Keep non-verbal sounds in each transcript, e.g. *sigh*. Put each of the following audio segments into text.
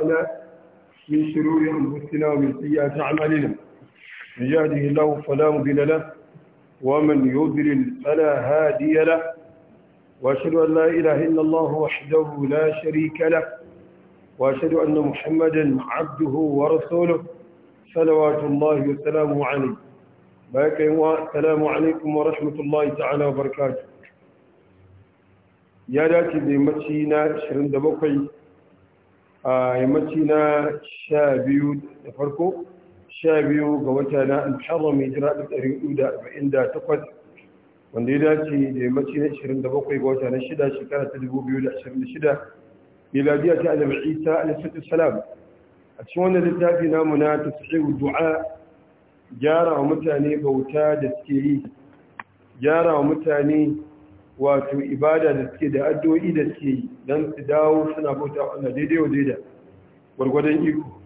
من شرور أنفسنا ومن سيئات أعمالنا من يهده الله فلا مضل له ومن يضلل فلا هادي له وأشهد أن لا إله إلا الله وحده لا شريك له وأشهد أن محمدا عبده ورسوله صلوات الله وسلامه عليه السلام عليكم ورحمة الله تعالى وبركاته يا ذاتي بمشينا 27 a yammaci na sha biyu da farko sha biyu ga wata na arba'in da takwas, wanda ya dace da yammaci na da bakwai ga wata na shida shekara ta dubu biyu da da ashirin 2026 miladiya ta annabi isa alaihi salam a cikin wannan littafi namu na tasiru du'a gyara wa mutane bauta da suke yi gyara wa mutane wato ibada da suke da addu'o'i da suke yi don su dawo suna bauta Allah daidai wa daida gwargwadon iko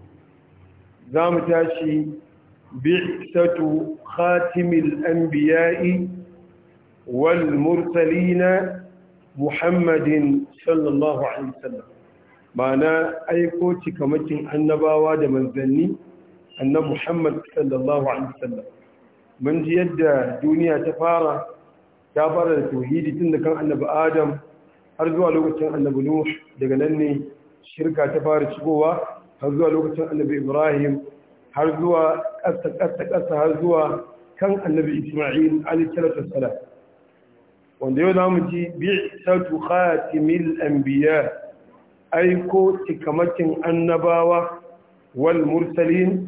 za mu tashi bi'satu khatimil anbiya'i wal mursalina muhammadin sallallahu alaihi wasallam ma'ana aiko cikamakin annabawa da manzanni annab muhammad sallallahu alaihi wasallam mun ji yadda duniya ta fara ta fara da tauhidi tun da kan annabi adam har zuwa lokacin annabi nuh daga nan ne shirka ta fara shigowa har zuwa lokacin annabi ibrahim har zuwa ƙasa ƙasa ƙasa har zuwa kan annabi isma'il alayhi salatu wanda yau zamu ji bi'satu khatimil anbiya aiko tikamakin annabawa wal mursalin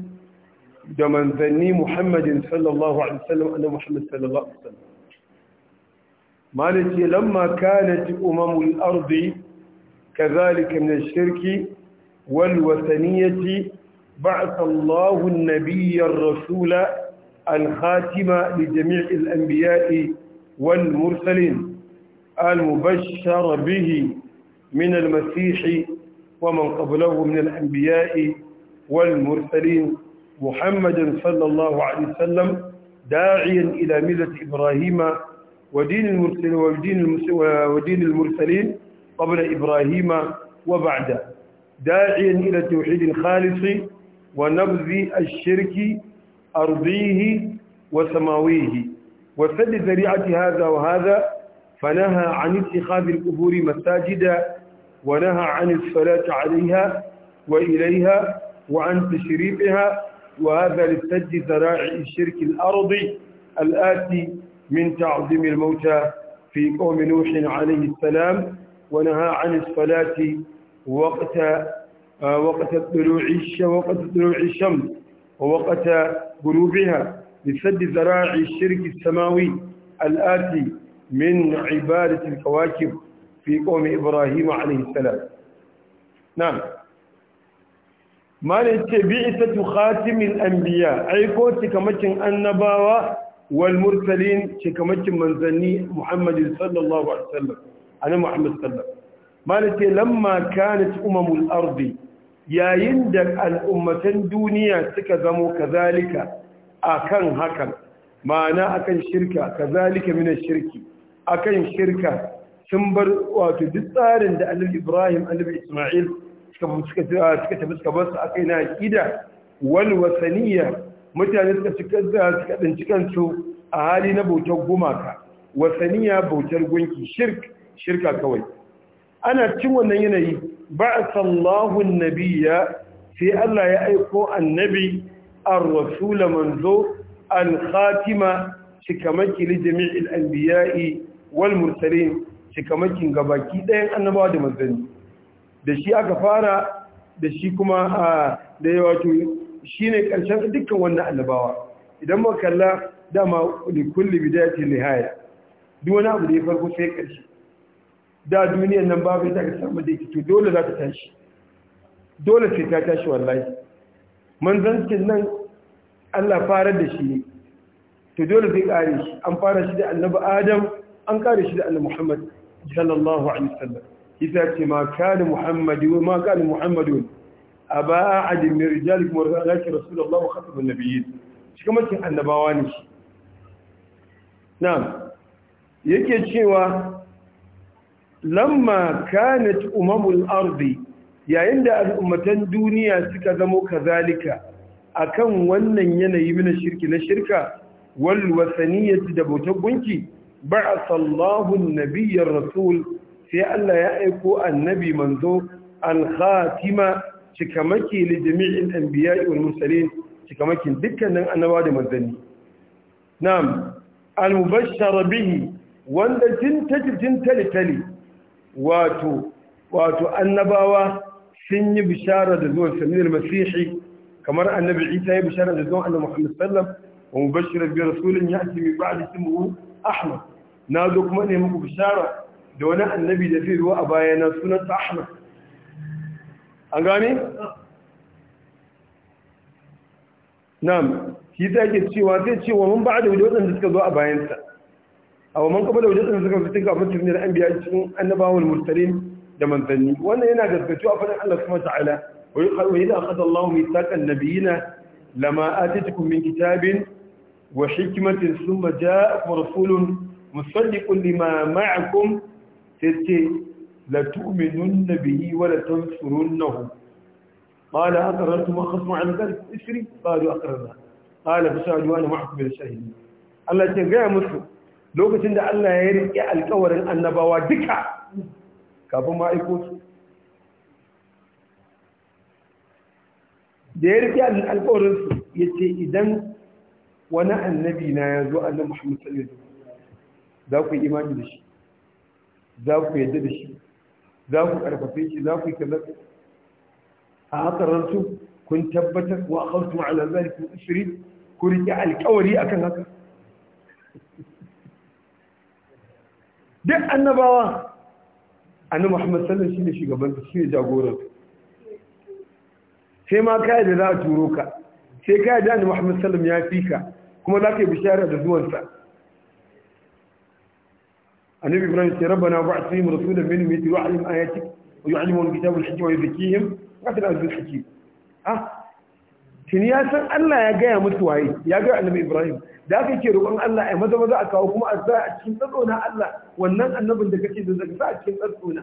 da manzanni muhammadin sallallahu alaihi wasallam annabi muhammad sallallahu alaihi wasallam مالك لما كانت أمم الأرض كذلك من الشرك والوثنية بعث الله النبي الرسول الخاتم لجميع الأنبياء والمرسلين المبشر به من المسيح ومن قبله من الأنبياء والمرسلين محمدا صلى الله عليه وسلم داعيا إلى ملة إبراهيم ودين المرسلين ودين ودين المرسلين قبل إبراهيم وبعده داعيا إلى التوحيد الخالص ونبذ الشرك أرضيه وسماويه وسد ذريعة هذا وهذا فنهى عن اتخاذ القبور مساجدا ونهى عن الصلاة عليها وإليها وعن تشريفها وهذا لسد ذراع الشرك الأرضي الآتي من تعظيم الموتى في قوم نوح عليه السلام ونهى عن الصلاة وقت آه، وقت طلوع وقت طلوع الشمس ووقت غروبها لسد ذراع الشرك السماوي الآتي من عبادة الكواكب في قوم إبراهيم عليه السلام نعم ما نتبعثة خاتم الأنبياء أي كوتك متن النباوة wal mursalin cikamakin manzanni muhammadin sallallahu alaihi wasallam ana muhammad sallallahu mana ce lamma kanat umamul ardi yayin da al'ummatan duniya suka zamo kazalika akan hakan ma'ana akan shirka kazalika min shirki akan shirka sun bar wato duk tsarin da annabi Ibrahim annabi Isma'il suka suka na wal wasaniya mutane suka cikin kansu a hali na bautar gumaka wasaniya bautar gunki shirk shirka kawai ana cin wannan yanayi ba'athallahu an-nabiyya sai Allah ya aiko annabi an rasul manzo al-khatima shikamaki li jami'il anbiya'i wal mursalin shikamakin gabaki ɗayan annabawa da manzanni da shi aka fara da shi kuma da yawa Shi ne ƙarshen dukkan wannan annabawa idan ma kalla dama li kulli bidayatin nihaya duk wani abu da ya farko sai karshe da duniyar nan babu ita ka samu da to dole za ta tashi dole sai ta tashi wallahi manzancin nan Allah farar da shi ne to dole zai kare shi an fara shi da annabi Adam an kare shi da annabi Muhammad sallallahu alaihi wasallam yasa ce ma kana Muhammadu ma kana Muhammadu aba a'adin min rijalikum wa zalika rasulullahi wa khatamun nabiyyin shi kuma cin annabawa ne shi yake cewa lamma kanat umamul ardi yayin da al'ummatan duniya suka zamo kazalika akan wannan yanayi mina shirki na shirka wal wasaniyati da bautar gunki ba'a Allahu an rasul sai Allah ya aiko annabi manzo al-khatima Cikamake li jami'in anbiya'i wal mursalin cikamakin dukkanin annaba da manzanni na'am al-mubashshar bihi wanda tintaji tintali tali wato wato annabawa sun yi bishara da zuwan samir masihi kamar annabi isa ya bishara da zuwan annabi muhammad sallam wa mubashshir bi rasulin ya'ti min ba'di ismihi ahmad nazo kuma ne muku bishara da wani annabi da zai zo a bayana sunan ahmad an gane na'am shi ta ke cewa zai cewa mun ba da wajen suka zo a bayansa a waman kuma da wajen suka fitin kafin cikin an biya cikin annabawan mursalin da manzanni wannan yana gaskaci a fadin Allah subhanahu ta'ala wa yaqulu akhadha Allahu mithaqan nabiyina lama a atitukum min kitabin wa sun hikmatin thumma ja'akum rasulun musaddiqun lima ma'akum sai لتؤمنن به ولتنصرنه قال أقررتم وخصم عن ذلك إسري قالوا أقررنا قال فسألوا أنا معكم من الشاهدين الله تنقى مسلم لو كنت الله يرئي الكور النبوة دكا كابو ما يكون da ya rike alƙawarinsu ya ce idan wani annabi na ya zo annan muhammadu sallallahu za ku yi imani da shi za ku yadda da shi za ku karfafe shi za ku yi kamar a haka ransu kun tabbatar wa akhadtum ala zalikum shiri ku rike alƙawari akan haka duk annabawa annabi Muhammad sallallahu shi ne shine shugaban su ne jagoran sai ma kayan da za a turo ka sai kayan da annabi Muhammad sallallahu ya fi ka, kuma za ka yi bishara da zuwansa النبي ibrahim ce ربنا وبعث فيهم رسولا منهم يتلو عليهم آياتك wa كتاب الحكيم al-hikma wa الحكيم wa kana azizul hakim ah tuni ya san Allah ya gaya musu waye ya ga annabi ibrahim da aka yake roƙon Allah ai maza maza a kawo kuma a sa a cikin tsatsona Allah wannan annabin da kake da zaka sa a cikin tsatsona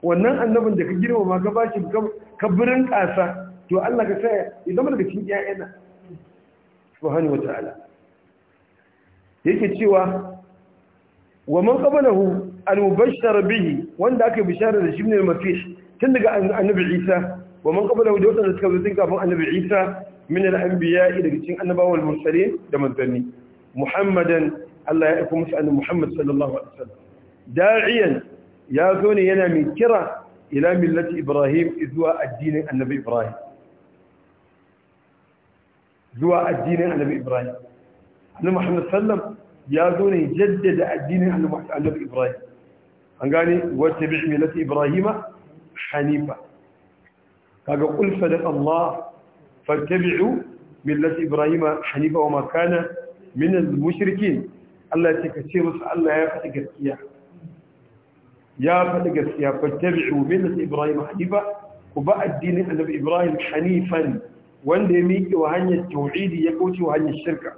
wannan annabin da ka girmama ka bashi ka birin ƙasa to Allah ka saya ya zama daga cikin ƴaƴana subhanahu wataala yake cewa ومن قبله المبشر به وان داك بشارة لشبن المسيح تنقى النبي عيسى ومن قبله دوتا نتكبرتين كافو النبي عيسى من الأنبياء إلى أن النبا والمرسلين دمان ثاني محمدا الله يأكم سأل محمد صلى الله عليه وسلم داعيا يا كوني ينا من كرة إلى ملة إبراهيم إذ هو الدين النبي إبراهيم ذو الدين النبي إبراهيم أنه محمد صلى الله عليه وسلم يا دوني جدد الدين على النبي إبراهيم أنقاني واتبع ملة إبراهيم حنيفة قال قل فدق الله فاتبعوا ملة إبراهيم حنيفة وما كان من المشركين الله تكسير الله يا فتك السياح يا فتك السياح فاتبعوا ملة إبراهيم حنيفة وباء الدين النبي إبراهيم حنيفا واندمي وهني التوعيد يكوتي وهني الشركة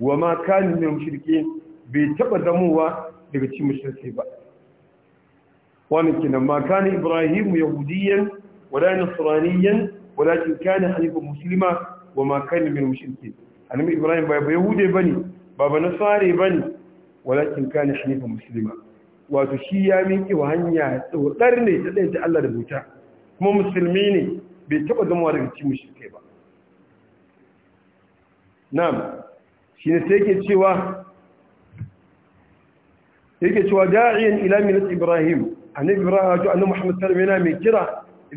wa ma kanin min mushrike bai taba zamowa daga cikin mushrike ba Wani kenan ma kana ibrahim yahudiyan wala nasraniyan walakin kana hanifan muslima wa ma kana min mushrike annabi ibrahim ba yahude bane ba ba nasare bane walakin kana hanifan muslima wato shi ya miki wa hanya tsotsar ne ta ɗaya ta Allah da buta kuma musulmi ne bai taɓa zama daga cikin mushrike ba na'am shi ne sai yake cewa yake cewa da'iyan ila millat ibrahim annabi ibrahim wato annabi muhammad sallallahu alaihi wasallam yana mai kira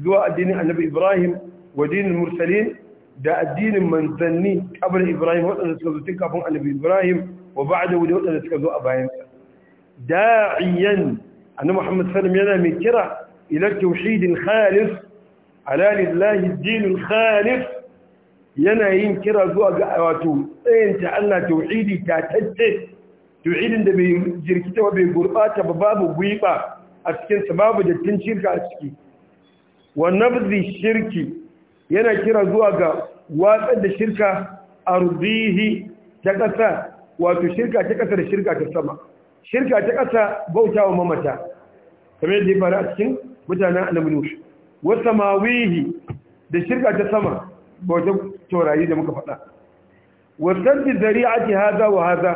zuwa addinin annabi ibrahim wa dinin mursalin da addinin manzanni kabar ibrahim waɗanda suka zo tun kafin annabi ibrahim wa ba'da wuri waɗanda suka zo a bayansa da'iyan annabi muhammad sallallahu alaihi wasallam yana mai kira ila tauhidin khalis ala lillahi dinin khalis yana yin kira zuwa ga wato tsayinta Allah tauhidi ta tacce tauhidin da bai jirkita ba bai gurbata ba babu guiba a cikin sa babu dattin shirka a ciki wa nabzi shirki yana kira zuwa ga watsar da shirka ardihi ta ƙasa wato shirka ta ƙasa da shirka ta sama shirka ta ƙasa bautawa mamata kamar yadda ya faru a cikin mutanen annabi wa samawihi da shirka ta sama bauta. taurari da muka faɗa wasan da zari'a ce haza wa haza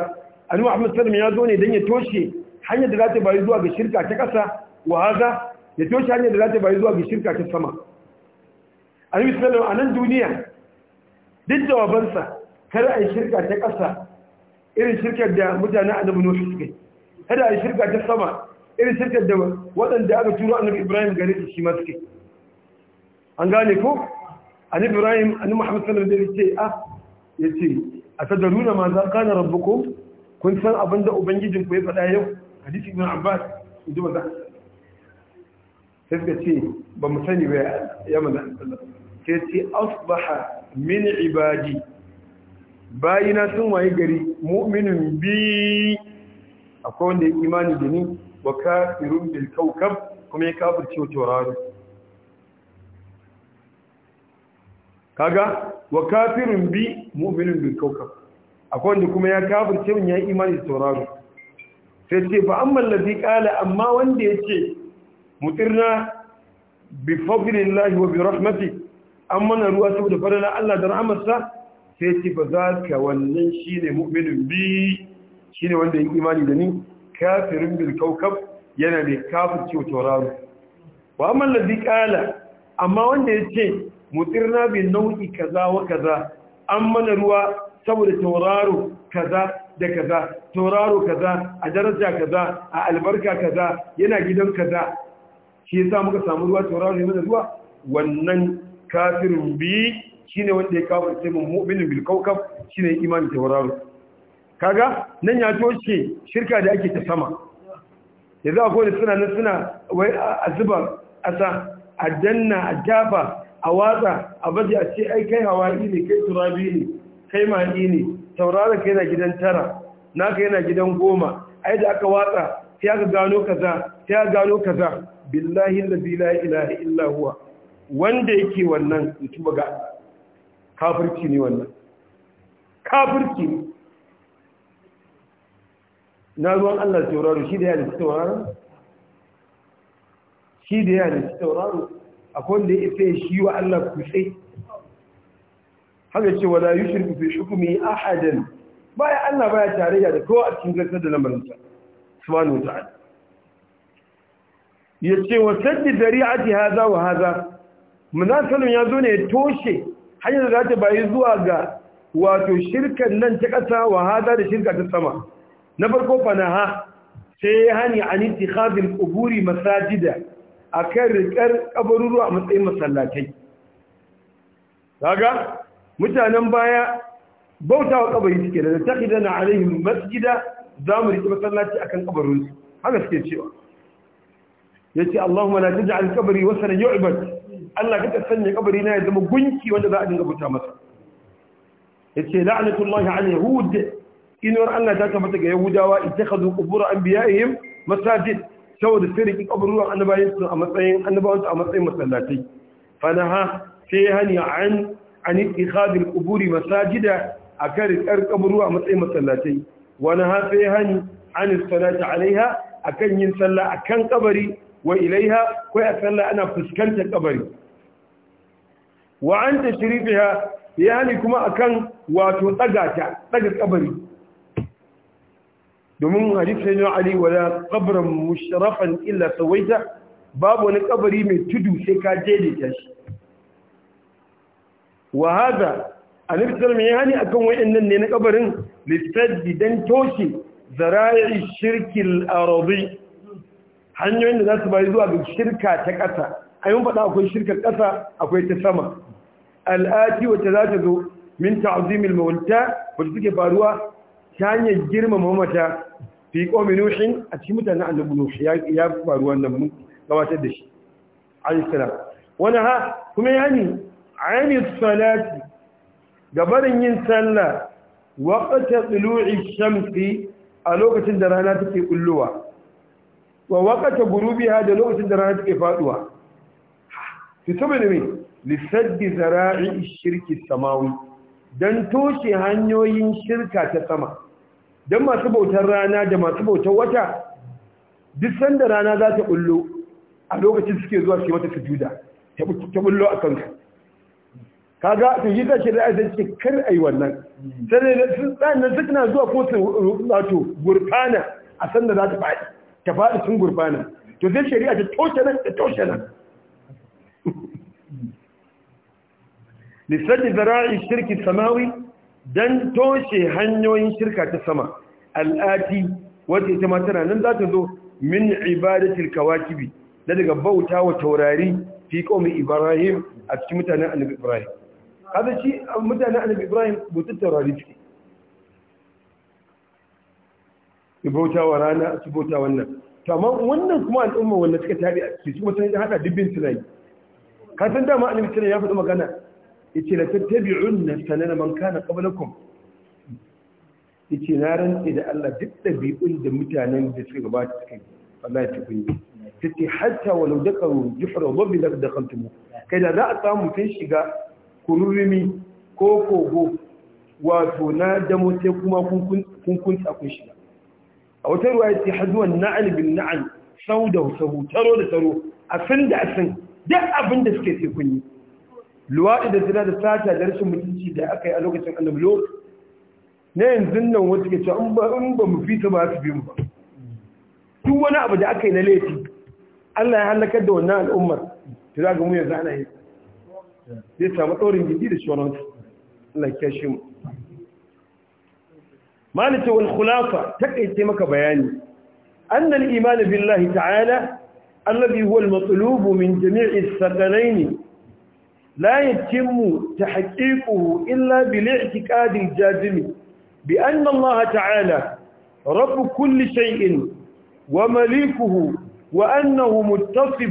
annabi Muhammad sallallahu ya zo ne dan ya toshe hanyar da za ta bayi zuwa ga shirka ta ƙasa wa haza ya toshe hanyar da za ta bayi zuwa ga shirka ta sama annabi sallallahu a nan duniya duk jawabansa kar a yi shirka ta ƙasa irin shirkar da mutane a Nuhu nufi suke kada a yi shirka ta sama irin shirkar da waɗanda aka turo annabi Ibrahim gare shi ma suke an gane ko an ibrahim an muhammad sallallahu alaihi wasallam yace ah yace atadaruna ma za kana rabbukum kun san abinda ubangijin ku ya faɗa yau hadisi ibn abbas inji maza sai suka ce ba mu sani ba ya maza sai ce asbaha min ibadi bayina sun waye gari mu'minun bi akwai wanda ya imani da ni wa kafirun bil kawkab kuma ya kafirce tauraro kaga wa kafirin bi mu'minin bil kawkab akwai wanda kuma ya kafirce mun yayi imani da tauraro sai ce fa amma allazi qala amma wanda yace mutirna bi fadlillahi wa bi rahmati amma na ruwa saboda fadala Allah da rahmatsa sai ce fa zaka wannan shine mu'minin bi shine wanda yake imani da ni kafirin bil kawkab yana da kafirce tauraro wa amma allazi qala amma wanda yace mutirna bin nau'i kaza wa kaza an mana ruwa saboda tauraro kaza da kaza tauraro kaza a daraja kaza a albarka kaza yana gidan kaza shi yasa muka samu ruwa tauraro ne mana ruwa wannan kafirin bi shine wanda ya kawo sai mun mu'minin bil kawkab shine imani tauraro kaga nan ya toshe shirka da ake ta sama yanzu akwai suna nan suna wai a zuba ƙasa a danna jafa a watsa a baje a ce ai kai hawa'i ne kai turabi ne kai mani ne taurara kai na gidan tara naka yana gidan goma ai da aka watsa sai aka gano kaza sai aka gano kaza billahi allazi la ilaha illa huwa wanda yake wannan mutum ga kafirci ne wannan kafirci na zuwan Allah tauraro shi da ya halitta tauraro shi da ya halitta tauraro akwai wanda ya isa shi wa Allah Kusai? haka ce wa wala yushriku fi hukmi ahadan baya Allah baya tarayya da kowa a cikin zartar da lamarin sa subhanahu wa ta'ala yace wa saddi dari'ati haza wa hadha ya zo ne toshe hanyar da ta bayi zuwa ga wato shirkan nan ta ƙasa wa hada da shirka ta sama na farko ha, sai hani an ittikhadul quburi masajida a kan riƙar ƙabaruru a matsayin masallatai daga mutanen baya bauta wa ƙabari suke da ta ƙida na alaihim masjida za mu riƙi masallaci a kan ƙabarinsu haka suke cewa ya ce na ta ja'al ƙabari wasu yau ibat allah ka sanya ƙabari na ya zama gunki wanda za a dinga bauta masa ya ce la'anatullahi ala yahud inuwar allah ta tabbata ga yahudawa ita ka zo kubura an biya ihim masajid saboda sai da kaburruwan annabawansu a matsayin annabawansu a matsayin masallatai fanaha sai hani an an ittikhadil quburi masajida akan rikar kaburruwa a matsayin masallatai wani ha sai hani an salati alaiha akan yin sallah akan kabari wa ilaiha ko a sallah ana fuskantar kabari wa an tashrifiha hani kuma akan wato daga ƙabari. kabari domin hadisi sai na ali wala qabran mushrafan illa sawaita babu wani kabari mai tudu sai ka daidaita shi wahaza hada annabi sallallahu alaihi akan wayannan ne na kabarin Littafi dan toshe zara'i shirkin ardi hanyoyin da za su bari zuwa ga shirka ta ƙasa a faɗa akwai shirka ƙasa akwai ta sama al'ati wacce za ta zo min ta'azimil mawalta wacce suke faruwa ta hanyar girmama mata fi ƙomi nushin a cikin mutanen annabi nushi ya faru wannan mun gabatar da shi alisalam wani ha kuma ya ne ainihin salati gabarin yin sallah waƙata tsulu'i shamsi a lokacin da rana take ƙulluwa wa waƙata ha da lokacin da rana take faɗuwa su saba da mai lissaddi zara'i shirki samawi don toshe hanyoyin shirka ta sama don masu bautar rana da masu bautar wata duk sanda rana za ta bullo a lokacin suke zuwa shi mata sujuda ta bullo a kanka kaga to yi zace da aizan ce kar a yi wannan sannan su tana zuwa ko su wato gurfana a sanda za ta faɗi ta faɗi sun gurfana to zai shari'a ta toshe nan ta toshe nan *laughs* lissajin zara'i shirki samawi don toshe hanyoyin shirka ta sama al'ati wata ita tana nan za ta zo min ibadatul kawakibi da daga bauta wa taurari fi qaumi ibrahim a cikin mutanen annabi ibrahim kaza shi mutanen annabi ibrahim bautar taurari suke su bauta wa rana su bauta wannan to amma wannan kuma al'umma wanda suka tabi a cikin kuma da hada dubbin tunani kasan san dama annabi ya faɗi magana yace la tattabi'unna sanana man kana qablakum yace na rantsi da Allah duk ɗabi'un da mutanen da suka gabata suka yi wallahi ta kunyi tace hatta wani walau dakaru juhra dhabbi la dakhaltum kai da za a samu kai shiga kururumi ko kogo wato na damo sai kuma kun kun shiga a wata ruwa ya ce hazuwan na'al bin na'al sau da sau taro da taro a san da a san duk abin da suke sai kun yi luwaɗi da zina da sata da rashin mutunci da aka yi a lokacin annabi lot na yanzu nan wata ke cewa in ba mu fita ba su bi mu ba duk wani abu da aka yi na laifi Allah ya halakar da wannan al'ummar ta zaga mu yanzu ana yi zai samu ɗorin gidi da shoron Allah ya shi mu malaka wal khulafa takaice maka bayani annal iman billahi ta'ala alladhi huwa al-matlub min jami'i as-saqalaini لا يتم تحقيقه إلا بالاعتقاد الجازم بأن الله تعالى رب كل شيء ومليكه وأنه متصف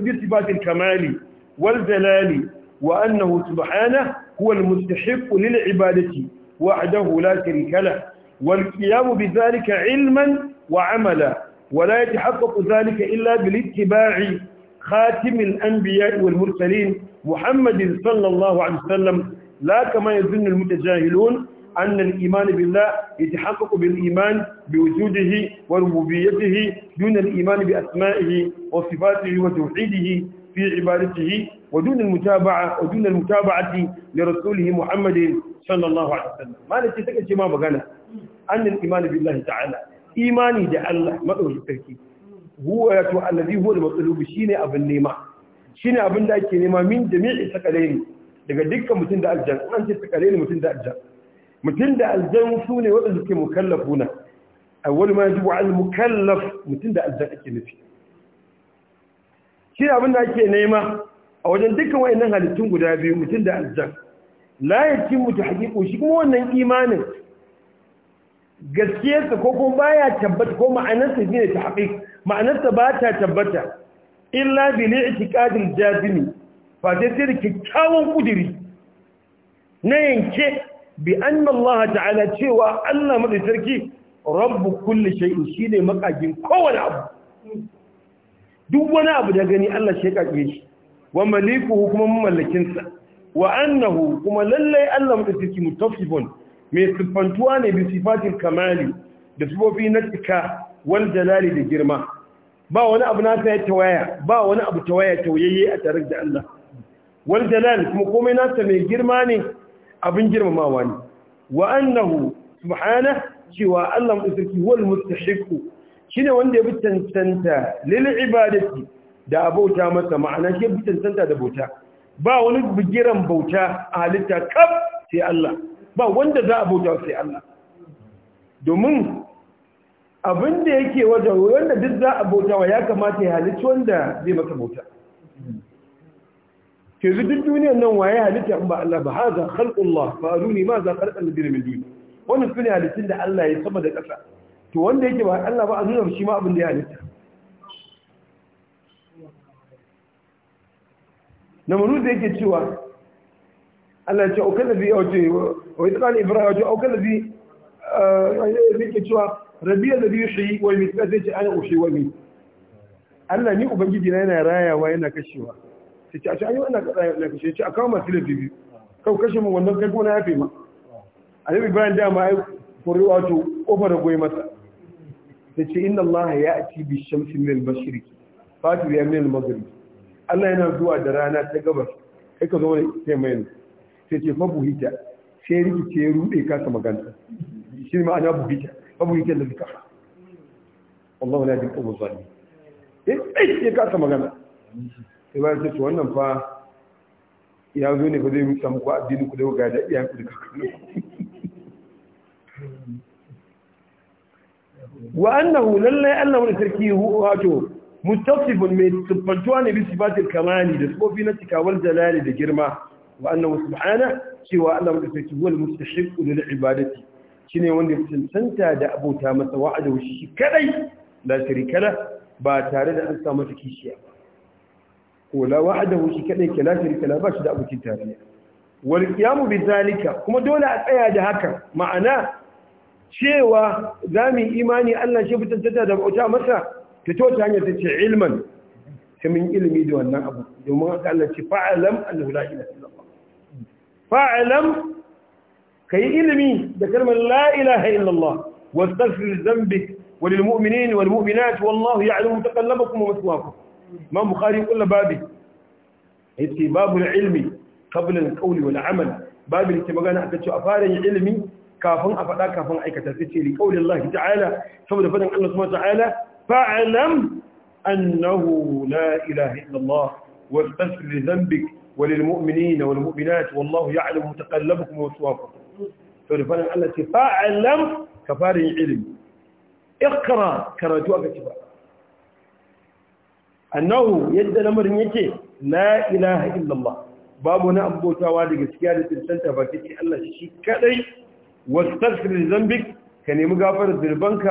بصفات الكمال والجلال وأنه سبحانه هو المستحق للعبادة وحده لا شريك له والقيام بذلك علما وعملا ولا يتحقق ذلك إلا بالاتباع خاتم الأنبياء والمرسلين محمد صلى الله عليه وسلم لا كما يظن المتجاهلون أن الإيمان بالله يتحقق بالإيمان بوجوده وربوبيته دون الإيمان بأسمائه وصفاته وتوحيده في عبادته ودون المتابعة ودون المتابعة لرسوله محمد صلى الله عليه وسلم ما نتسكت ما بغنى أن الإيمان بالله تعالى إيماني دع الله ما أرجو التركيب huwa ya to allazi huwa al-matlub shine abin nema shine abin da ake nema min jami'i sakalaini daga dukkan mutun da aljan an ce sakalaini mutun da aljan Mutun da aljan su ne waɗanda suke mukallafuna awwal ma yajibu al mukallaf mutun da aljan ake nufi shine abin da ake nema a wajen dukkan wayannan halittun guda biyu mutun da aljan la yakin mutu haqiqo shi kuma wannan imanin gaskiyarsa ko kuma baya tabbata ko ma'anarsa shine haƙi. ma'anarsa ba ta tabbata illa bi li'tiqadil jazimi fa dai sai kikkawan kudiri na yanke bi anna Allah ta'ala cewa Allah mai sarki rabbu kulli shay'in shine makagin kowane abu duk wani abu da gani Allah shi kake shi wa malikuhu kuma mallakinsa wa annahu kuma lallai Allah mai sarki mutaffifun mai siffantuwa ne bi sifatil kamali da sifofi na cika wani jalali da girma ba wani abu nasa ya tawaya ba wani abu tawaya tauyayye a tarar da Allah Wani jalal kuma komai nasa mai girma ne abin girmamawa ne wa annahu subhanahu cewa Allah mutsaki wal Shi ne wanda ya bi tantanta lil ibadati da abota masa ma'ana shi bi tantanta da bauta ba wani bigiran bauta a halitta kaf sai Allah ba wanda za a bauta sai Allah domin abin da yake wajen wanda duk za a bauta wa ya kamata ya halicci wanda zai masa bauta ke zu duk duniyar nan waye halitta in ba Allah ba haza khalqullah fa aruni ma za khalqal ladina min duni wannan sune halittun da Allah ya sama da ƙasa to wanda yake ba Allah ba a nuna shi ma abin da ya halitta namuru da yake cewa Allah ya ce o kada bi yawo wa idh qala ibrahim au kala eh, yake cewa rabbi alladhi yuhyi wa yumiitu sai ce ana ushi wa yumiitu Allah ni ubangiji na yana rayawa yana kashewa sai ce a ce ayyuka ana rayawa kashe ce a masu lafi biyu kau kashe mu wannan kai kuma na yafe ma annabi ibrahim dama ai kuri wato kofar da goyi masa da ce inna Allah ya ati bi shamsi min al-mashriq fatu ya min al-maghrib Allah yana zuwa da rana ta gabas kai ka zo ne sai mai sai ce fa buhita sai rikice ya rude kasa magana shi ne ma'ana buhita babu yake da zikafa Allah ya yajib mu zalim eh eh ya kasa magana sai ba ce to wannan fa ya zo ne ba zai rusa muku addini ku da ga da iyan ku da wa annahu lallai annahu sarki sarki wato mustaqsifun mai tubbantuwa ne bi sifatil kamani da sifofi na cikawar jalali da girma wa annahu subhana cewa Allah madaukaki wal mustahiqu lil ibadati shine wanda ya cancanta da abota masa wa'ada shi kadai la sharika ba tare da an masa kishiya ba wa'ada shi kadai ke la sharika ba shi da abokin tarayya wal qiyamu kuma dole a tsaya da haka ma'ana cewa za mu imani Allah shi fitantata da bauta masa fito ta hanyar ta ce ilman ta da wannan abu domin haka Allah ce fa'alam ka yi ilimi da kalmar la ilaha illallah wastaghfir dhanbik walil mu'minin wal mu'minat wallahu ya ya'lamu kuma wa maswaakum ma bukhari kullu babi yace babu ilmi qabla al qawli wani amal babu yake magana akan a fara yin ilimi kafin a faɗa kafin aikata sai ce li qawlillahi ta'ala saboda fadan Allah subhanahu wa ta'ala fa'alam annahu la ilaha illallah wastaghfir dhanbik وللمؤمنين والمؤمنات والله يعلم متقلبكم ومثواكم فلفلن الله تي فاعلم كفارين علم اقرا كراتوا كتبا أنه يد الأمر يجي لا إله إلا الله بابنا أبو توالي قسيادة السنة فاتيكي الله شكالي واستغفر لذنبك كان يمغافر ذربانك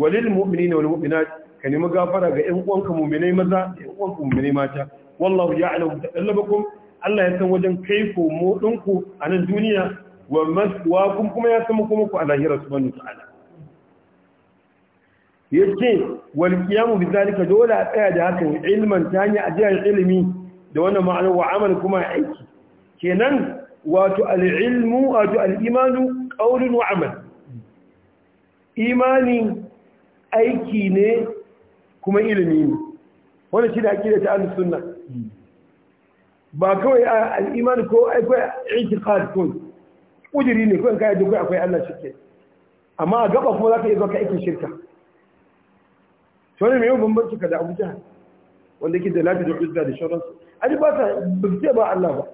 وللمؤمنين والمؤمنات كان يمغافر إنقوانك مؤمنين ماذا إنقوانك مؤمنين ماتا والله يعلم تقلبكم Allah ya san wajen kai ko mo ɗinku a nan duniya wa masuwa kun kuma ya san kuma ku a lahira subhanahu ta'ala yace wal qiyamu bi zalika dole a tsaya da haka ilman ta hanyar ajiyar ilimi da wannan ma'anar wa amal kuma aiki kenan wato al ilmu wato al imanu wa amal imani aiki ne kuma ilimi ne wannan shi da akida ta al-sunna ba kawai al'imani ko akwai itikad ko ƙudiri ne kawai kayan duk akwai Allah shirke amma a gaba kuma za ka iya zuwa ka aikin shirka to ne yi bambanci ka da Abu Jahal wanda ke da lati da uzza da a ji ba ta bukce ba Allah ba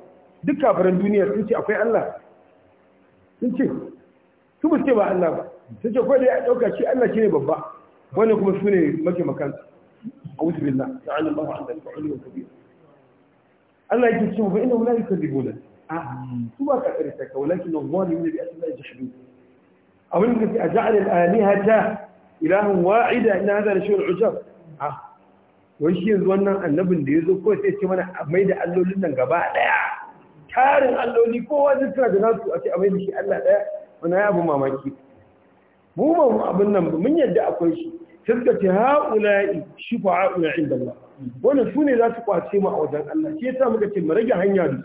duk kafiran duniya sun ce akwai Allah sun ce su bukce ba Allah ba sun ce kawai da ya dauka shi Allah ne babba wani kuma su ne mace makansu a'udhu billahi ta'ala Allahu Allah yake cewa fa innahum la yukadzibuna a su ba ka karanta ka walakin adh-dhalimuna bi asma'i jahdun awin ka fi aj'al al-alihata ilahan wa'ida inna hadha la shay'un ujab a wai shi yanzu wannan annabin da ya yazo ko sai ce mana mai da allolin nan gaba ɗaya. tarin alloli kowa zai tsara da nasu a ce a mai da shi Allah ɗaya, wani ya abu mamaki mu ba mu abin nan mun yadda akwai shi tattace ha'ula'i shufa'a'una inda Allah wannan su ne za su kwace mu a wajen Allah shi yasa muka ce mu rage hanya da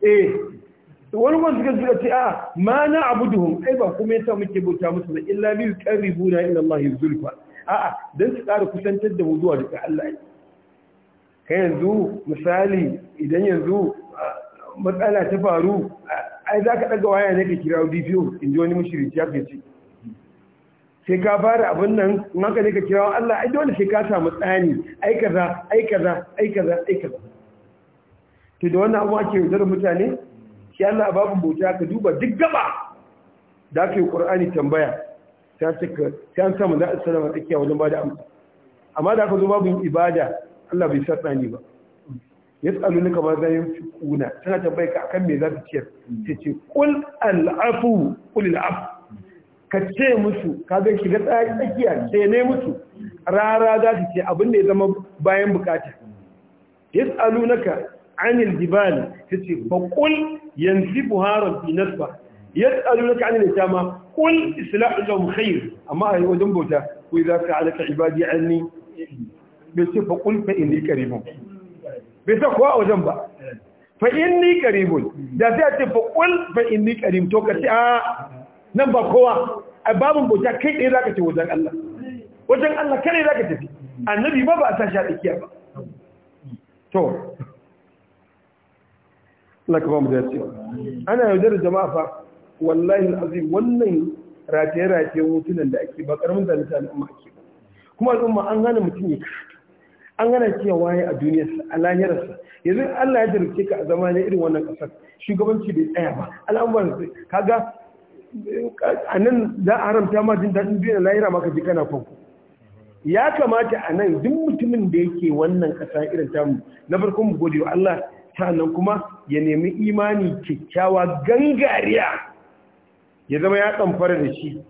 su eh wani wanda suka suka ce a ma na abuduhum ai ba kuma yasa muke bauta musu da illa bi na ila Allah zulfa a'a dan su ƙara kusantar da mu zuwa ga Allah kai yanzu misali idan yanzu matsala ta faru ai za ka ɗaga waya ne ka kira DPO in ji wani mashirici ya ce sai ka fara abin nan in haka ne ka kira Allah ai dole sai ka samu tsani ai kaza ai kaza ai kaza ai kaza to da wannan abu ake yaudar mutane shi Allah a babin bauta ka duba duk gaba da aka yi Qur'ani tambaya ta sai ta samu da sallama tsakiya wajen bada amsa amma da ka zo babin ibada Allah bai sa tsani ba yas'alunaka ma za kuna, tana tambaye ka akan me za ka ciyar sai ce qul al'afu qul al'afu ka ce musu ka zai shiga tsakiya ce ne musu rara za su ce abin da ya zama bayan bukata yas'alunaka anil jibali tace fa qul yanzibu harbi nasba yas'alunaka anil ma qul islahu lahum khair amma a yi wajen bauta ko za ka alaka ibadi anni bai ce fa qul fa inni qaribun bai kowa a wajen ba fa inni qaribun da sai ce fa qul fa inni qarib to ka ce a nan ba kowa a babin bauta kai ɗaya za ka ce wajen Allah wajen Allah kare ka tafi annabi ba ba a sa shi a tsakiya ba to Allah ka ba mu ce ana jar jama'a fa wallahi alazim wannan rataye-rataye hotunan da ake ba karamin zalunta al'umma ake ba kuma al'umma an gane mutum ya karatu an gane cewa waye a duniyarsa a lahirarsa yanzu Allah ya jarumce ka a zama na irin wannan kasar shugabanci bai tsaya ba al'amuran sai kaga a nan za a haramta ma jin daɗin duniya lahira maka jika kana kwanku ya kamata a nan duk mutumin da yake wannan ƙasa irin tamu na farkon mu gode wa Allah sannan kuma ya nemi imani kyakkyawa gangariya ya zama ya fara da shi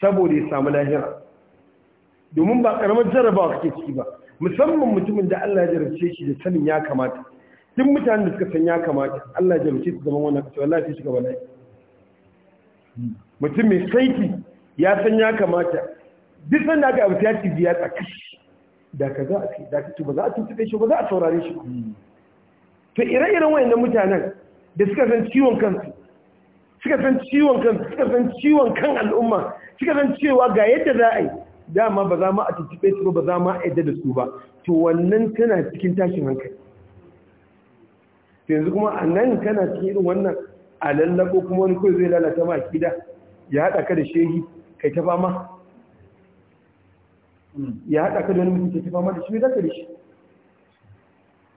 saboda ya samu lahira domin ba karamar jarabawa kake ciki ba musamman mutumin da Allah ya jarabce shi da sanin ya kamata duk mutanen da suka san ya kamata Allah ya jarabce su zaman wannan kasuwa lafiya shiga bala'i mutum mai saiti ya san ya kamata duk da aka abu ya ci a tsakashi da ka za a ce da ka ba za a tuntuɓe shi ba za a saurare shi to ire-iren wayannan mutanen da suka san ciwon kansu suka san ciwon kansu suka san ciwon kan al'umma suka san cewa ga yadda za a yi dama ba za ma a tuntuɓe su ba ba za ma a yadda da su ba to wannan tana cikin tashin hankali yanzu kuma a nan tana cikin irin wannan a lallako kuma wani kawai zai lalata ma akida ya haɗa ka da shehi kai ta fama ya haɗa ka da wani mutum kai ta fama da shi ne za ka da shi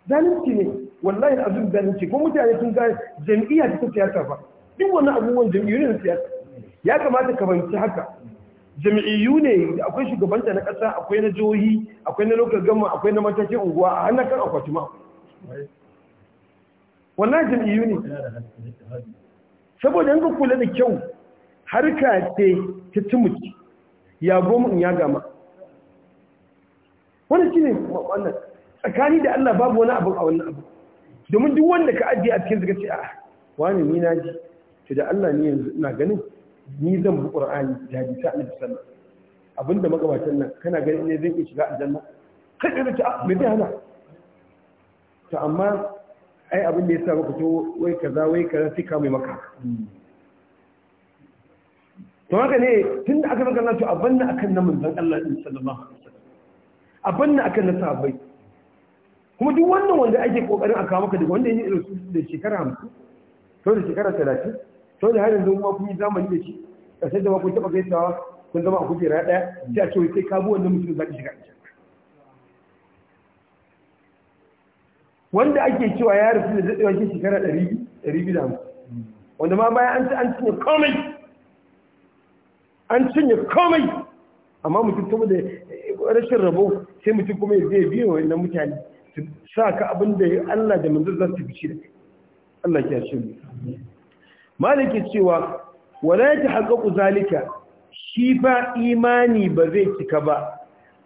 zalunci ne wallahi azum zalunci ko mutane sun ga jam'iyya ta ta siyasa ba duk wannan abubuwan jam'iyyu ne siyasa ya kamata ka banci haka jam'iyyu ne akwai shugabanta na ƙasa akwai na jihohi akwai na local government akwai na matakin unguwa a hannun kan akwati ma wannan jam'iyyu ne saboda yanzu kula da kyau harka ce ta timuci ya goma in ya gama wani shi ne wannan tsakani da Allah babu wani abu a wannan abu domin duk wanda ka ajiye a cikin zikaci a wani ni na ji to da Allah ni yanzu na ganin ni zan bi Qur'ani da hadisi Allah sallallahu abinda magabatan nan kana ganin ne zan iya shiga aljanna kai da ta me zai hana to amma ai abin da ya sa maka to wai kaza wai kaza sai ka mai maka to haka ne tun da aka maka Allah to abanna akan na manzon Allah din sallallahu alaihi wasallam abanna akan na sahabbai kuma duk wannan wanda ake kokarin a kawo maka daga wanda yake irin su da shekara 50 to da shekara 30 to da har yanzu kuma kun yi zamani da shi kasar da ba kun taba gaisawa kun zama a kujera daya sai a ce sai ka bi wannan mutum zaki shiga wanda ake cewa ya rufu da daɗewa ke shekara 250 wanda ma bayan an ci an cinye komai an cinye komai amma mutum da rashin rabo sai mutum kuma ya zai biyo na mutane su sa ka abin da Allah da manzon za su fice da kai Allah ya shi mu malike cewa wala yatahaqqaqu zalika shi ba imani ba zai cika ba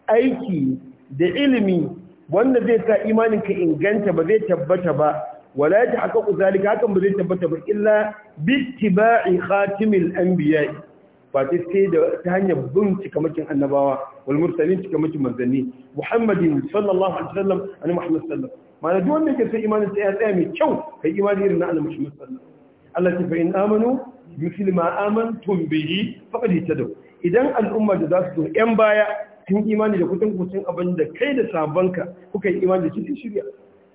aiki da ilimi wanda zai sa imaninka inganta ba zai tabbata ba wala ya tahaqqaqu zalika hakan ba zai tabbata ba illa bi ittiba'i khatimil anbiya fa sai da ta hanyar bin cikamakin annabawa wal mursalin cikamakin manzanni muhammadin sallallahu alaihi wasallam ani muhammad sallallahu mana duk wanda yake sai imanin sai ya tsaya mai kyau kai imani irin na annabi muhammad sallallahu Allah ta fa in amanu مثل ما آمنتم به فقد اهتدوا idan al'umma da za su zo ‘yan baya sun imani da kusan kusan abin da kai da sabanka kuka yi imani da shi sun shirya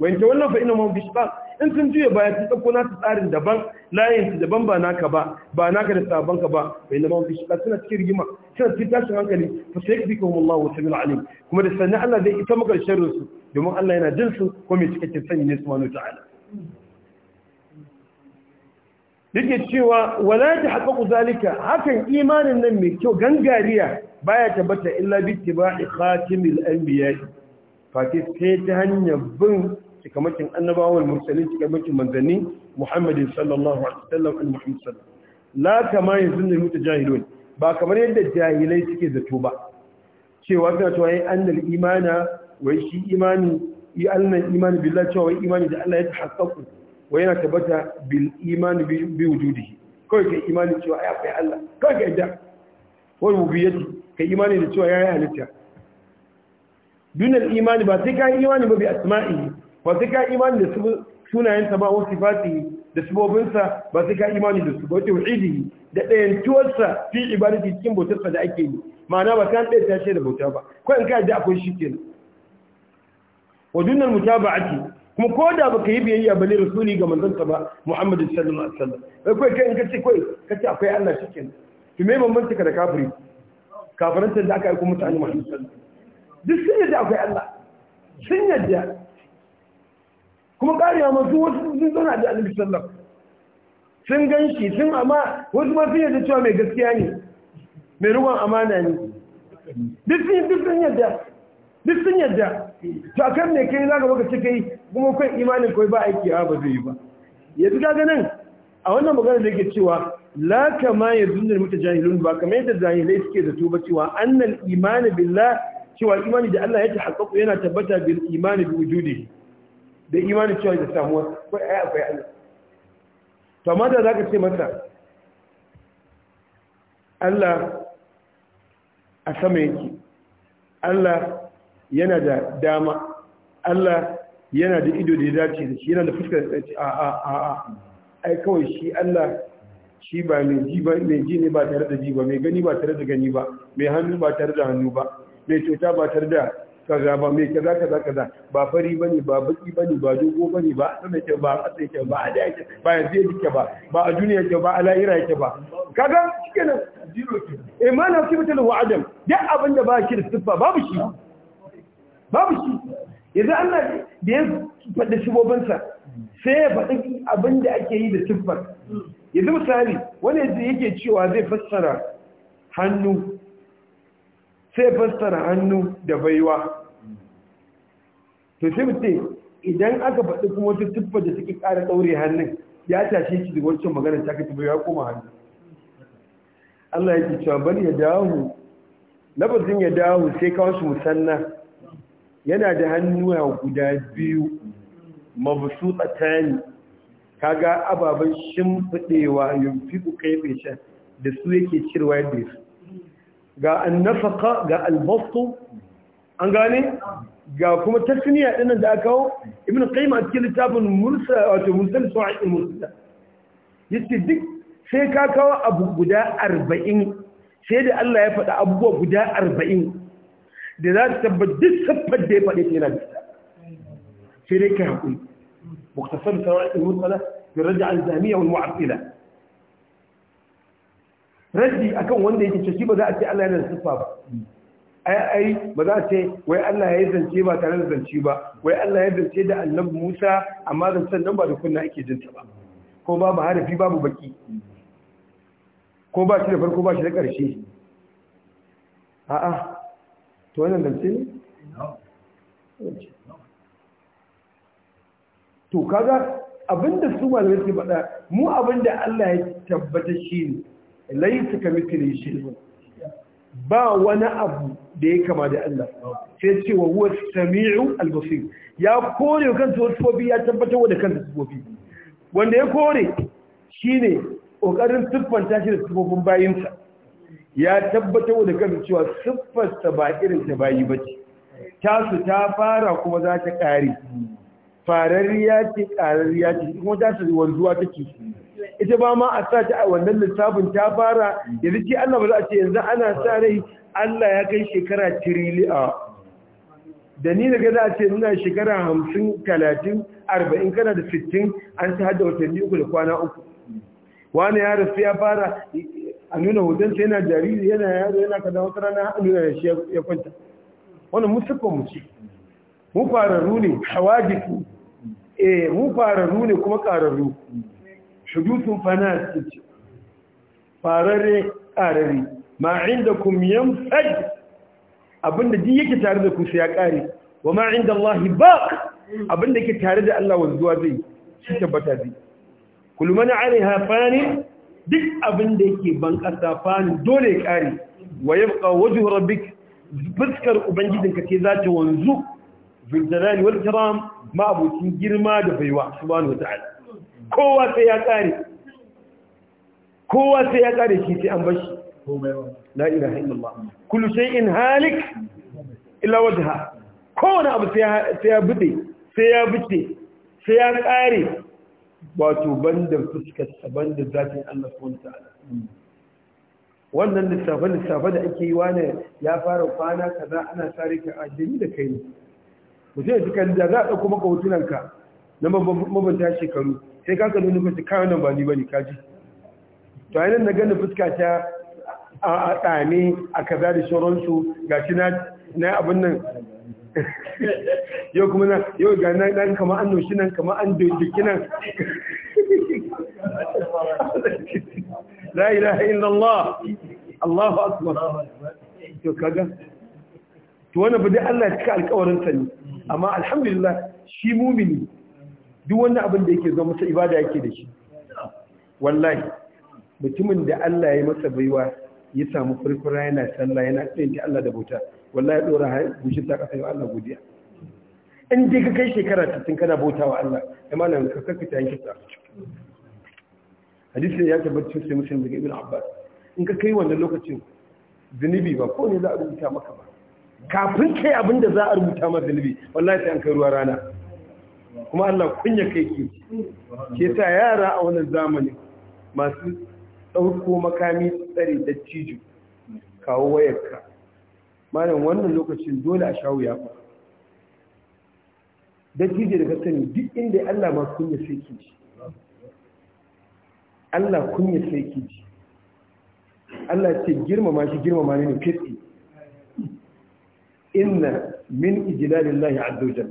wayanke wannan fa ina bishba in sun juya baya sun ɗauko nasu tsarin daban layin su daban ba naka ba ba naka da sabanka ba fa ina mu bishba suna cikin rigima suna cikin tashin hankali fa Allah wa sabil alim kuma da sanin Allah zai ita maka sharrin su domin Allah yana jin su ko mai cikakken sani ne subhanahu ta'ala yake cewa wala ta haƙaƙu zalika hakan imanin nan mai kyau gangariya Ba ya tabbata illa bi tibai khatimil anbiya fa ke sai ta hanyar bin cikamakin annabawan mursalin cikamakin manzanni muhammadin sallallahu alaihi wasallam an muhammad sallallahu la kama yanzun mutajahilun ba kamar yadda jahilai suke zato ba cewa suna cewa yi annal imana wai shi imani yi annan imani billah cewa wai imani da Allah ya tahakkaku wai yana tabbata bil imani bi wujudihi kawai kai imani cewa ai akwai Allah kawai kai da wai rububiyyati ka imani da cewa ya yi halitta dunar imani ba sai ka imani ba bi asma'i ba sai ka imani da sunayensa ba wasu fati da subobinsa ba sai ka imani da su ba tauhidi da ɗayan tuwarsa fi ibadati cikin bautarsa da ake yi ma'ana ba kan ɗaya tashe da bauta ba ko in ka da akwai shi ke wa dunal mutaba'ati kuma ko da baka yi biyayya ba ne rasuli ga manzon ka ba muhammadu sallallahu alaihi wasallam kai kai in ka ce kai ka ce akwai Allah shi kenan to me bambanta ka da kafiri kafirantar da aka aiko mutane masu sallah duk sun yadda akwai Allah sun yadda kuma ƙariya masu wasu sun zauna da alif sallam sun gan shi sun amma wasu ma sun yadda cewa mai gaskiya ne mai ruwan amana ne duk sun yadda duk sun yadda to kan ne kai zaka baka ce kai kuma kai imanin kai ba aiki a ba zai yi ba yanzu kaga nan a wannan magana da yake cewa la kama yadhunnu jahilun ba kamar yadda jahilai suke da tuba cewa annal imani billah cewa imani da Allah ya tahaqqaqu yana tabbata bil imani bi wujudi da imani cewa da samuwa ko ai akwai Allah to amma da zaka ce masa Allah a sama yake Allah yana da dama Allah yana da ido da ya dace da shi yana da fuskar da a a a ai kawai shi Allah shi ba mai ji ba mai ji ne ba tare da ji ba mai gani ba tare da gani ba mai hannu ba tare da hannu ba mai cuta ba tare da kaza ba mai kaza kaza kaza ba fari bane ba baki bane ba dogo bane ba sanai ke ba a tsaye ba a da yake ba ya zai dike ba ba a duniya ke ba a lahira yake ba kaga shikenan eh mana ki mutul wa adam duk abin da ba shi da siffa babu shi babu shi idan Allah da ya faɗi shubobinsa sai ya faɗi abin da ake yi da siffar yanzu misali wani yanzu yake cewa zai fassara hannu sai fassara hannu da baiwa to sai mutum idan aka faɗi kuma wata tuffa da suke ƙara ɗaure hannun ya tashe shi da wancan maganar ta kai ya koma hannu Allah ya ce cewa bari ya dawo Labarin ya dawo sai kawo su musanna yana da hannuwa guda biyu mabusu tsakani kaga ababen shimfidewa yunfiku kaife sha da su yake cirwa yadda su ga annafaka ga albastu an gane ga kuma tasniya din da aka kawo ibn qayyim a cikin littafin mursa wato mursal sa'id mursal yace duk sai ka kawo abu guda 40 sai da Allah ya faɗa abubuwa guda 40 da za ta tabbata duk sabbar da ya faɗe ta yana da sai dai ka hakuri muktasar sa'id mursal fi raja al-jami'a wal mu'attila akan wanda yake shi ba za Allah yana da ba ai ai a ce wai Allah ya zance ba tare da zance ba wai Allah ya zance da Annabi Musa amma zancen nan ba da kunna ake jin ba ko babu harafi babu baki ko ba da farko ba da ƙarshe a'a to wannan zance to kaga abinda su malamai faɗa mu abinda Allah ya tabbata shi ne laisu ka mitri shi ba wani abu da ya kama da Allah sai ce wa huwa sami'u al ya kore kan wasu ya tabbatar wa da su fobi wanda ya kore shine kokarin siffanta shi da sifofin bayinsa ya tabbatar da su cewa siffarsa ba irin ta bayi bace tasu ta fara kuma za ta ƙare. farariya ce ƙarariya ce kuma ta su wanzuwa take ita ba ma a sa ta a wannan lissafin ta fara yanzu ce Allah ba za a ce yanzu ana sa rai Allah ya kai shekara tiriliya da ni daga za a ce nuna shekara hamsin talatin arba'in kana da sittin an ta hada watanni uku da kwana uku wani ya rasu ya fara a nuna sai yana jariri yana yaro yana kada wata rana a nuna da shi ya kwanta wani musulman mu ce mu fararru ne hawajiku eh mu fararru ne kuma ƙararru shudusun fana su ce farare ƙarari ma'in da kumiyan fad abinda di yake tare da kusa ya ƙare wa ma'in da Allah ba abinda ke tare da Allah wanzuwa zai shi tabbata zai kulmana alaiha fani duk abinda yake ban ƙasa fani dole ya ƙare wa yabqa wajhu rabbik fuskar ubangijinka ke za ta wanzu zuljalali wal kiram ma abokin girma da baiwa subhanahu wata'ala kowa sai ya kare kowa sai ya kare shi sai an bashi. shi la ilaha illallah kullu shay'in halik illa wajha kowane abu sai ya bude sai ya bude sai ya kare wato banda fuskarsa banda zatin Allah subhanahu wata'ala wannan lissafe-lissafe da ake yi ne ya fara kwana kaza ana tsari ka ajiyar da kai ne mutum ya kan da za a ɗauko maka hotunanka na mabanta shekaru sai ka kalli nufin ka wannan ba ni ba ne kaji to ainihin na ganin fuska ta a tsame a kaza da shoronsu ga shi na abin nan *laughs* yau kuma na yau ga nan ɗan kama an noshi nan kama an dojiki nan *laughs* la ilaha illallah Allahu akbar to kaga to wannan ba dai Allah ya cika alƙawarin sa ne amma alhamdulillah shi mumini duk wani abin da yake zama masa ibada yake da shi wallahi mutumin da Allah ya masa baiwa ya samu furfura yana sallah yana tsayanta Allah da bauta wallahi dora har gushin ta kasa yau Allah godiya in dai ka kai shekara ta tun kana bauta wa Allah amma nan ka kaka ta yanke ta hadisi ya tabbata sai musulmi daga ibn abbas in ka kai wannan lokacin zunubi ba ko ne za a rubuta maka ba kafin kai abin da za a rubuta ma zunubi wallahi sai an kai ruwa rana kuma Allah kunya kai ke. ke sa yara a wannan zamani masu ɗauko makami tsare da ciju kawo wayarka malam wannan lokacin dole a shawo ya fa da cije da sani duk inda Allah ma kunya sai ki ji Allah kunya sai ki ji Allah ce girmama shi girmama ne ne fitsi inna min ijlalillahi azza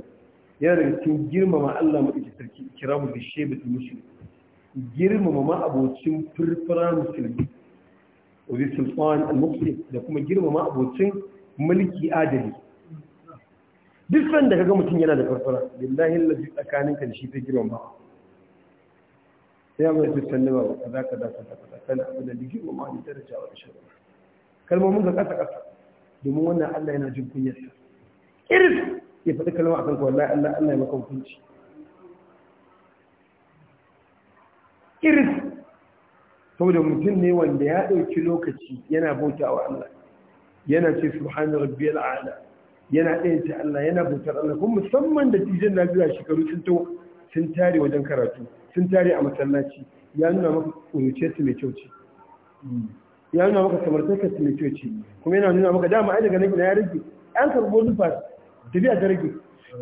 yana daga cikin girmama Allah madaukakin sarki da bi shaybatul muslim girmama ma abocin furfura musulmi wani sultan al mukti da kuma girmama abocin mulki adali duk ran da kaga mutum yana da furfura billahi allazi tsakaninka da shi ta girmama sai mai tuttan da ba kaza kaza kaza kana da girmama ne daraja wa shari'a kalmomin ga kasa kasa domin wannan Allah yana jin kunyarsa irin ya faɗi kalmar akan wallahi Allah Allah ya maka hukunci irin saboda mutum ne wanda ya ɗauki lokaci yana bautawa Allah yana ce subhanahu rabbiyal a'la yana ɗaya ɗayanci Allah yana bautar Allah kuma musamman da tijin na shekaru sun tawo sun tare wajen karatu sun tare a masallaci ya nuna maka kuruce su mai kyau ya nuna maka samartaka coci kuma yana nuna maka dama ai daga ya rage an karbo zufa tafiya ta rage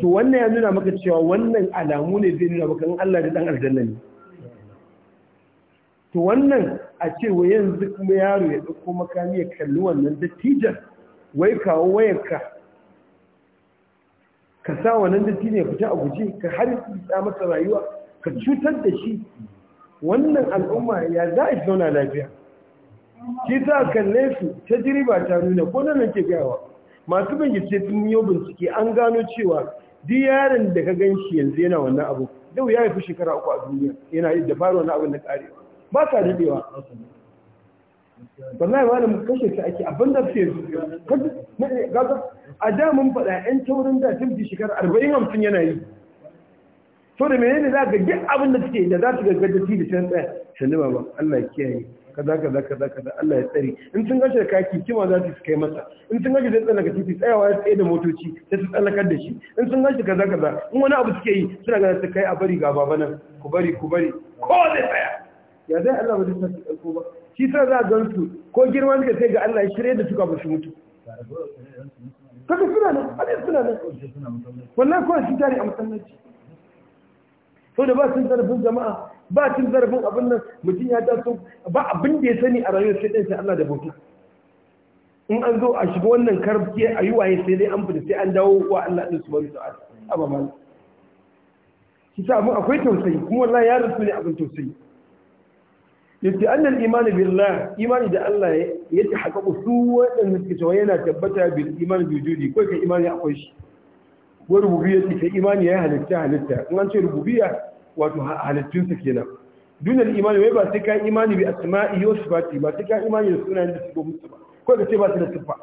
to wannan ya nuna maka cewa wannan alamu ne zai nuna maka in Allah da dan aljanna ne to wannan a ce wa yanzu kuma yaro ya dauko makami ya kalli wannan dattijan wai kawo wayarka ka sa wannan dattijan ya fita a guje ka har ya masa rayuwa ka cutar da shi wannan al'umma ya za a zauna lafiya shi sa kalle su ta jiriba ta nuna ko nan nake gawa masu bincike sun yi bincike an gano cewa duk yaron da ka gan shi yanzu yana wannan abu da ya haifi shekara uku a duniya yana da fara wani abin da kare ba sa dadewa wallahi wani kashe ta ake abin da su yanzu a da mun faɗa yan taurin da tun fi shekara arba'in hamsin yana yi so da menene za ga duk abin da suke da za su gaggaji da can tsaya shandu ba Allah ya kiyaye kaza kaza kaza kaza Allah ya tsare in sun gashi da kaki kima za su kai masa in sun gashi da tsallaka titi tsayawa ya da motoci sai su tsallakar da shi in sun gashi kaza kaza in wani abu suke yi suna ganin su kai a bari ga baba nan ku bari ku bari ko zai tsaya ya zai Allah ba zai sa su ɗauko ba shi sa za a gan su ko girma suka sai ga Allah ya shirye da su ba su mutu kaga suna nan alai suna nan wallahi ko shi tare a masallaci sau da ba sun tarfin jama'a ba cin zarafin abin nan mutum ya taso ba abin da ya sani a rayuwar sai ɗansa Allah da bauta in an zo a shiga wannan karfi a yi waye sai dai an fita sai an dawo wa Allah ɗin su bari su ala aba ma shi sa abin akwai tausayi kuma wallahi ya rasu ne abin tausayi yace annal imani billah imani da Allah ya ta haƙaƙo su waɗanda suke cewa yana tabbata da imani bi wujudi kai kai imani akwai shi wa rububiyyati kai imani ya halitta halitta in an ce rububiyya wato halittunsa kenan dunar imani wai ba sai ka imani bi asma'i iyo su ba sai ka imani da sunayen da suka musu ba ko ka ce ba su da tuffa.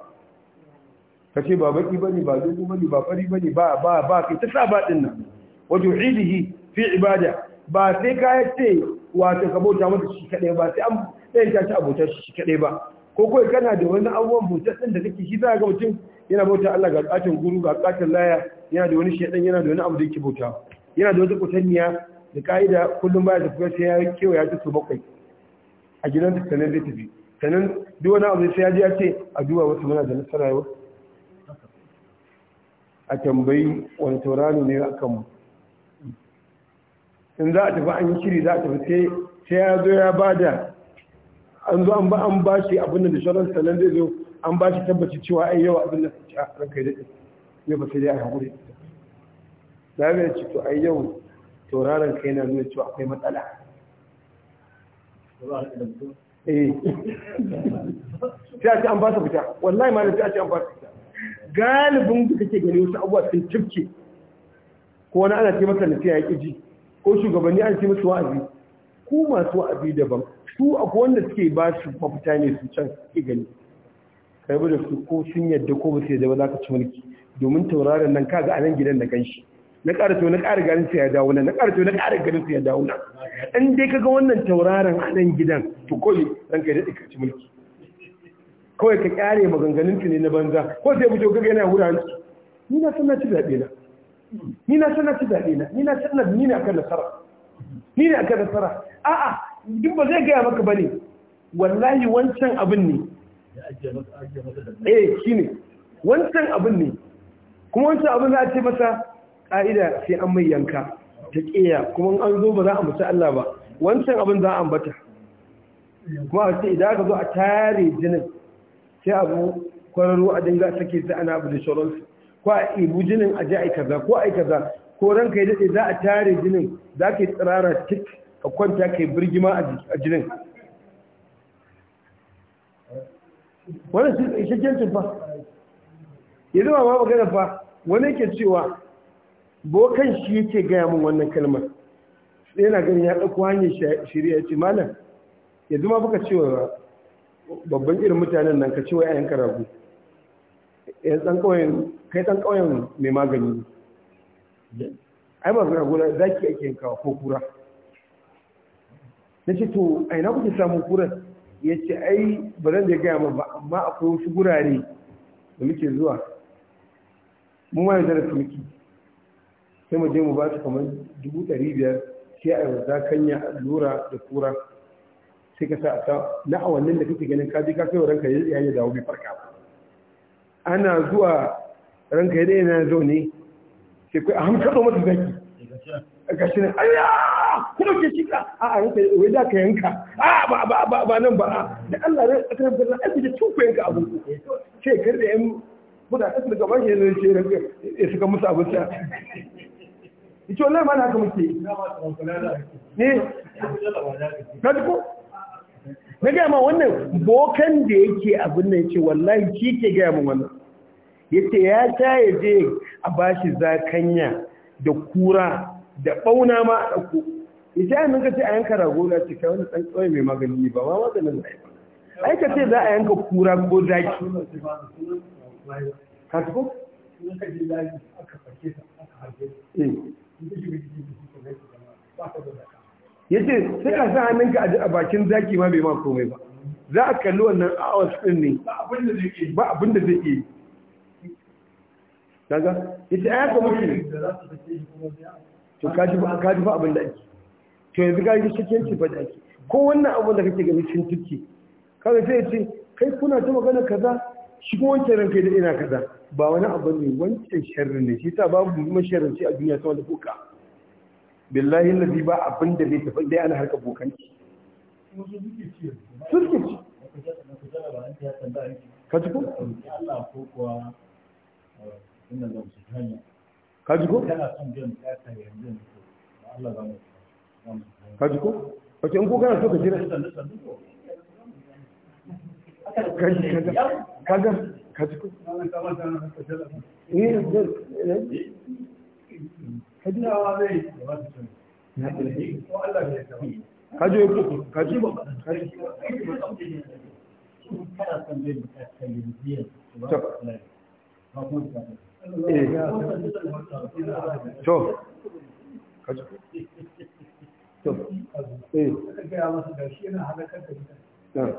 ka ce ba baki bane ba dogo bane ba fari bane ba ba ba kai ta sa ba din nan wato tuhidihi fi ibada ba sai ka ce wato ka bauta masa shi kadai ba sai an sai ta ci abota shi kadai ba ko kai kana da wani abubuwan bauta din da kake shi za ga mutum yana bauta Allah ga katin guru ga katin laya yana da wani shedan yana da wani abu da yake bauta yana da wata kutanniya da ka'ida kullum ba ya tafiya sai ya kewa ya ci su bakwai a gidan sannan zai tafi sannan duk wani abu sai ya ji ya ce a duba wasu muna da nasara yau a tambayi wani tauraro ne a kanmu in za a tafi an yi shiri za a tafi sai ya zo ya ba da an zo an ba an ba shi abin da nisharar sannan zai zo an ba shi tabbaci cewa ai yawa abin da su ci a ranka yi daɗi yau ba sai dai a haƙuri da ya ce to ai yau tauraron ka yana nuna cewa akwai matsala eh sai an ba su fita wallahi malam sai an ba su fita galibin da kake gani wasu abubuwa sun cifke ko wani ana ce masa nasiha ya ji ko shugabanni an ce masu wa'azi ku masu wa'azi daban su akwai wanda suke ba su mafita ne su can suke gani kai da su ko sun yadda ko ba su yadda ba za ka ci mulki domin tauraron nan kaga a nan gidan da ganshi na ƙara to na ƙara ganin sai ya dawo nan na ƙara to na ƙara ganin sai ya dawo nan in dai kaga wannan tauraron a nan gidan to koyi ranka ya daɗe kaci mulki kawai ka ƙare maganganun ne na banza ko sai mu kaga yana hura ni ni na san na ci zaɓe na ni na san na ci zaɓe na ni na san na ni ne akan nasara ni ne akan nasara a'a duk ba zai gaya maka bane wallahi wancan abin ne eh shine wancan abin ne kuma wancan abin za a ce masa ƙa'ida sai an mai yanka ta ƙeya kuma an zo ba za a musa Allah ba wancan abin za a ambata kuma a ce idan aka zo a tare jinin sai abu kwararru a dinga sake sa ana abu da shoransu ko a ibu jinin a ji a ko a ko ran ka yi daɗe za a tare jinin za ka yi tsirara tik a kwanta ka yi birgima a jinin wani shi kyancin fa yanzu ma magana fa wani ke cewa bokan shi yake gaya min wannan kalmar sai yana ganin ya ɗauko hanyar shirya ya ce malam yanzu ma baka cewa babban irin mutanen nan ka ce wa 'ya'yan karagu kai ɗan ƙauyen mai magani ai ba karagu na zaki ake yin kawo ko kura na ce to a ina kuke samun kuran ya ce ai ba zan da gaya ba amma akwai wasu gurare da muke zuwa mu ma yanzu da su muke sai mu je mu ba su kamar dubu ɗari biyar sai a yau za kanya allura da kura sai ka sa a ta na awannin da kake ganin kaji ka kai wa ranka ya yi dawo mai farka ba ana zuwa ranka ya daina zo zaune sai kai a hamkaɗo masa zaki a gashi na ayya kuma ke shi a a ranka wai za ka yanka a ba ba ba ba nan ba da Allah ran a kan fara aiki da tuku yanka abu sai kar da yan buda ta daga bashi ne ce ranka ya suka musu abinci ita wallahi ma na haka muke ne na duko na gaya ma wannan bokan da yake abin nan ce wallahi ki ke gaya min wannan yace ya ta ya je a bashi zakanya da kura da bauna ma a dauko ya an ka ce a yanka rago na ce kawai wani dan tsoye mai magani ba ma maganin zai ai ka ce za a yanka kura ko zaki ka tuko aka yace sai ka sa ka a bakin zaki ma bai ma komai ba za a kalli wannan awas din ne ba abin da zai yi daga yace ai ka mutu to kaji ba kaji ba abin da ake to yanzu kaji cikin ci ba da ake ko wannan abin da kake gani cikin tukki? kawai sai yace kai kuna ta magana kaza shi kuma wancan ranka da ina kaza ba wani abu ne wancan sharrin ne shi ta babu masharranci a duniya sama da kuka. billahi lazi ba abin da zai tafi dai ana harka bokanci surkici Kajiko? Kajiko? ko ko ko ko kaga kaji ku kaji ku kaji ku kaji ku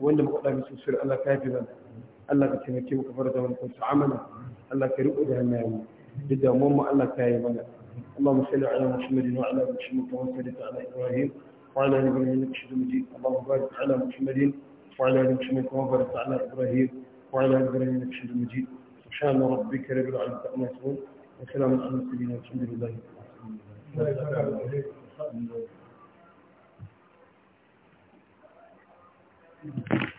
wanda muka ɗaga sosai Allah ka yafi mana Allah ka taimake mu ka fara da wannan kunsa amana Allah ka riƙo da hannayen da damuwar mu Allah ka yi mana اللهم صل على محمد وعلى ال محمد كما صليت على ابراهيم وعلى ال ابراهيم انك حميد مجيد اللهم بارك على محمد وعلى ال محمد كما باركت على ابراهيم وعلى ال ابراهيم انك حميد مجيد سبحان ربك رب العزه عما يصفون وسلام على المرسلين والحمد لله رب العالمين Thank you.